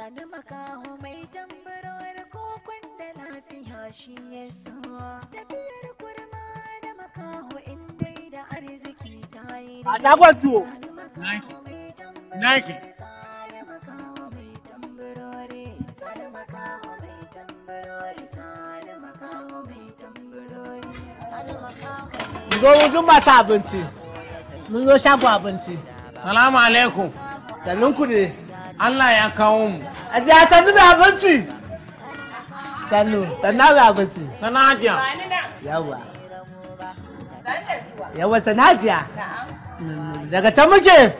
sani makaho mai tambarar kokon da lafiya shi ya so tafiyar kurma da makaho in dai da arziki ta yi da na gwanto nike Zo wajen ba ta abinci, mun zo shago abinci. Salamu alaikum. Sannunku ne. Allah ya kawo mu. A ji a sannu da abinci. Sannu, sanna da abinci. Sanna hajiya. Yawa. Yawa sanna hajiya. Mm, daga can muke?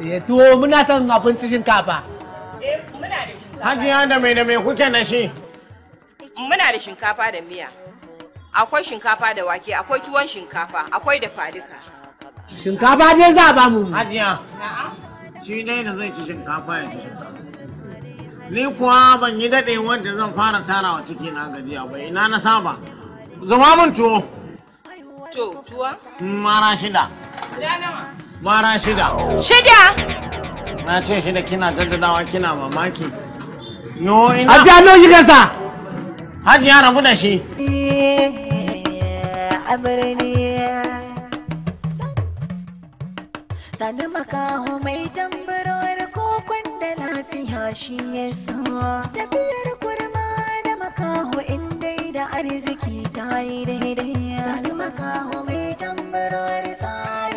Ya eh, tuwo muna son abinci shinkafa. Eh, hajiya da mai da mai kuke na shi. Muna da shinkafa da miya. Akwai shinkafa da wake, akwai tuwon shinkafa, akwai da fadika. Shinkafa dai za a ba mu. Hajiya. shi dai da zai ci shinkafa ya ci shinkafa ni kuwa ban yi daɗe wanda zan fara tarawa ciki na gajiya ba ina na saba zama mun tuwo mara shida mara shida shida na ce shida kina jaddadawa kina mamaki no ina hajiya no yi gasa hajiya rabu da shi eh, amurni Sani makaho mai tambarar kokon da lafiya shi ya suwa. Tafiyar kurma da makaho in dai da arziki ta yi daidai. Sani makaho mai tambarar tsari.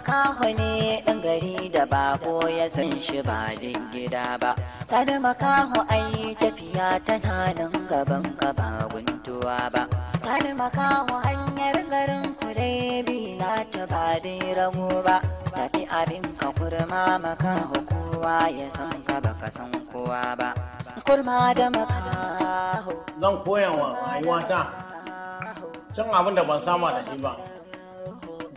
makaho ne ɗan gari da bako ya san shi ba din gida ba sani makaho ai tafiya tana nan gaban ka ba guntuwa ba sani makaho hanyar garin kudai na ta ba din rago ba tafi abin ka kurma makaho kowa ya san ka ba ka san kowa ba kurma da makaho zan koyan wa ta cin abin da ban sama da shi ba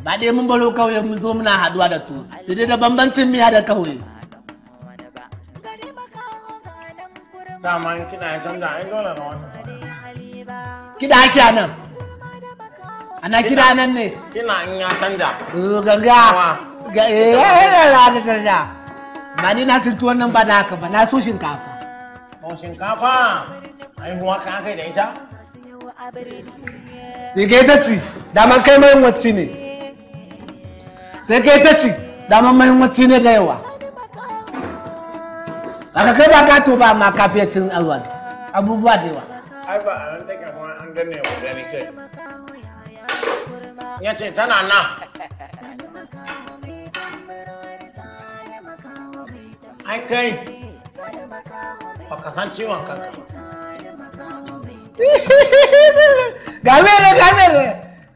ba dai mun baro kawai mun zo muna haduwa da to sai dai da bambancin miya da kawai dama kina ya canza ai dole na wannan kida ake a nan ana kida nan ne kina in ya canza eh, ganga ga eh yana eh, eh, da canza ba ni na tuntu wannan ba da haka ba na so shinkafa oh shinkafa ai huwa ka kai da ita Ni ta ci, da man kai mai wacce ne. sai kai ta ci daman mahimmanci ne da yawa aka kai ba ka ba ma ka fiye cin alwa abubuwa da yawa ai ba a nan take kuma an danne wa gani kai ya ce tana nan ai kai ba ka san ciwon kanka ga mere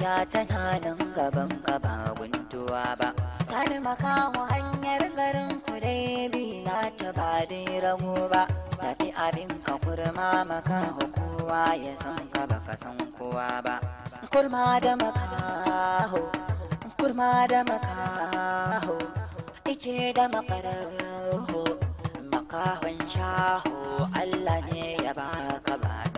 ya tana nan gaban ka ba guntuwa ba sani makaho hanyar garin ku dai bi na ta ba dai rago ba tafi abin ka kurma makaho kowa ya san ka baka san kowa ba kurma da makaho kurma da makaho ice da makaraho makahon shaho Allah ne ya baka ba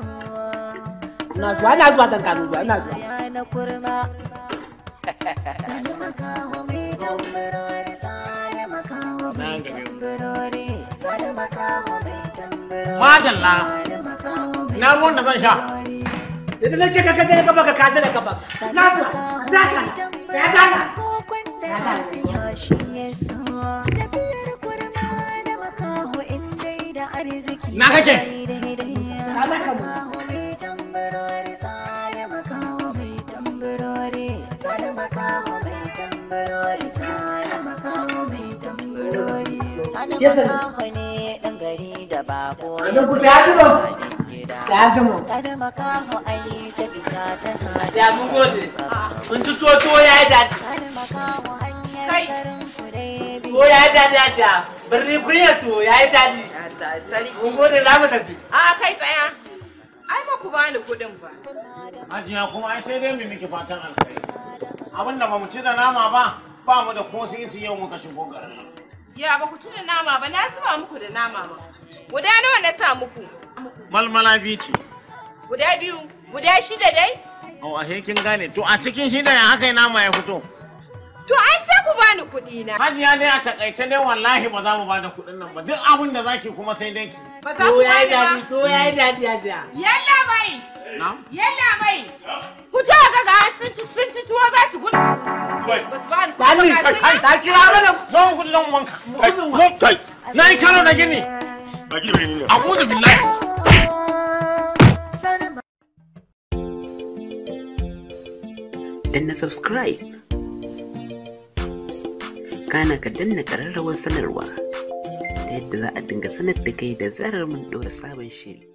ina zuwa ina zuwa dan kano zuwa ina zuwa madalla na ruwan da zan sha idan na ce ka kaje da kafa ka kaje da kafa na zuwa zaka ya dana ya dana na kake wani makaho da bako ya ya ya ya ya ya birni kuryar to ya yi dadi mun gode za mu tafi a kai tsaya ai ba ku bani ba ajiya kuma ai sai dai mu miki fatan alkhairi abinda ba mu ci da nama ba ba mu da ko sai yau muka shigo garin nan Ya ba ku ci da nama ba, na zuba muku da nama ba. Guda nawa na sa muku? Malmala biyu ce. Guda biyu, guda shida dai? Oh, ashe kin gane. To a cikin shida ya haka nama ya fito. To ai sai ku bani kuɗi na. Hajiya ne a takaice dai wallahi ba za mu bani kuɗin nan ba. Duk abin da zaki kuma sai dai ki. Ba za ku bani ba. To yayi dadi hajiya. Yalla bai. Na'am. Yalla bai. Ku ta ga ga sun ci sun ci tuwo za su gudu. Bai. Ba su bani. Sani ka kai ta kira mana zo mu kudu don wanka mu kai na yi karo da gini ba gini bai ne a'udhu billahi danna subscribe kana ka danna kararrawar sanarwa ta yadda za a dinga sanar da kai da zarar mun ɗora sabon shiri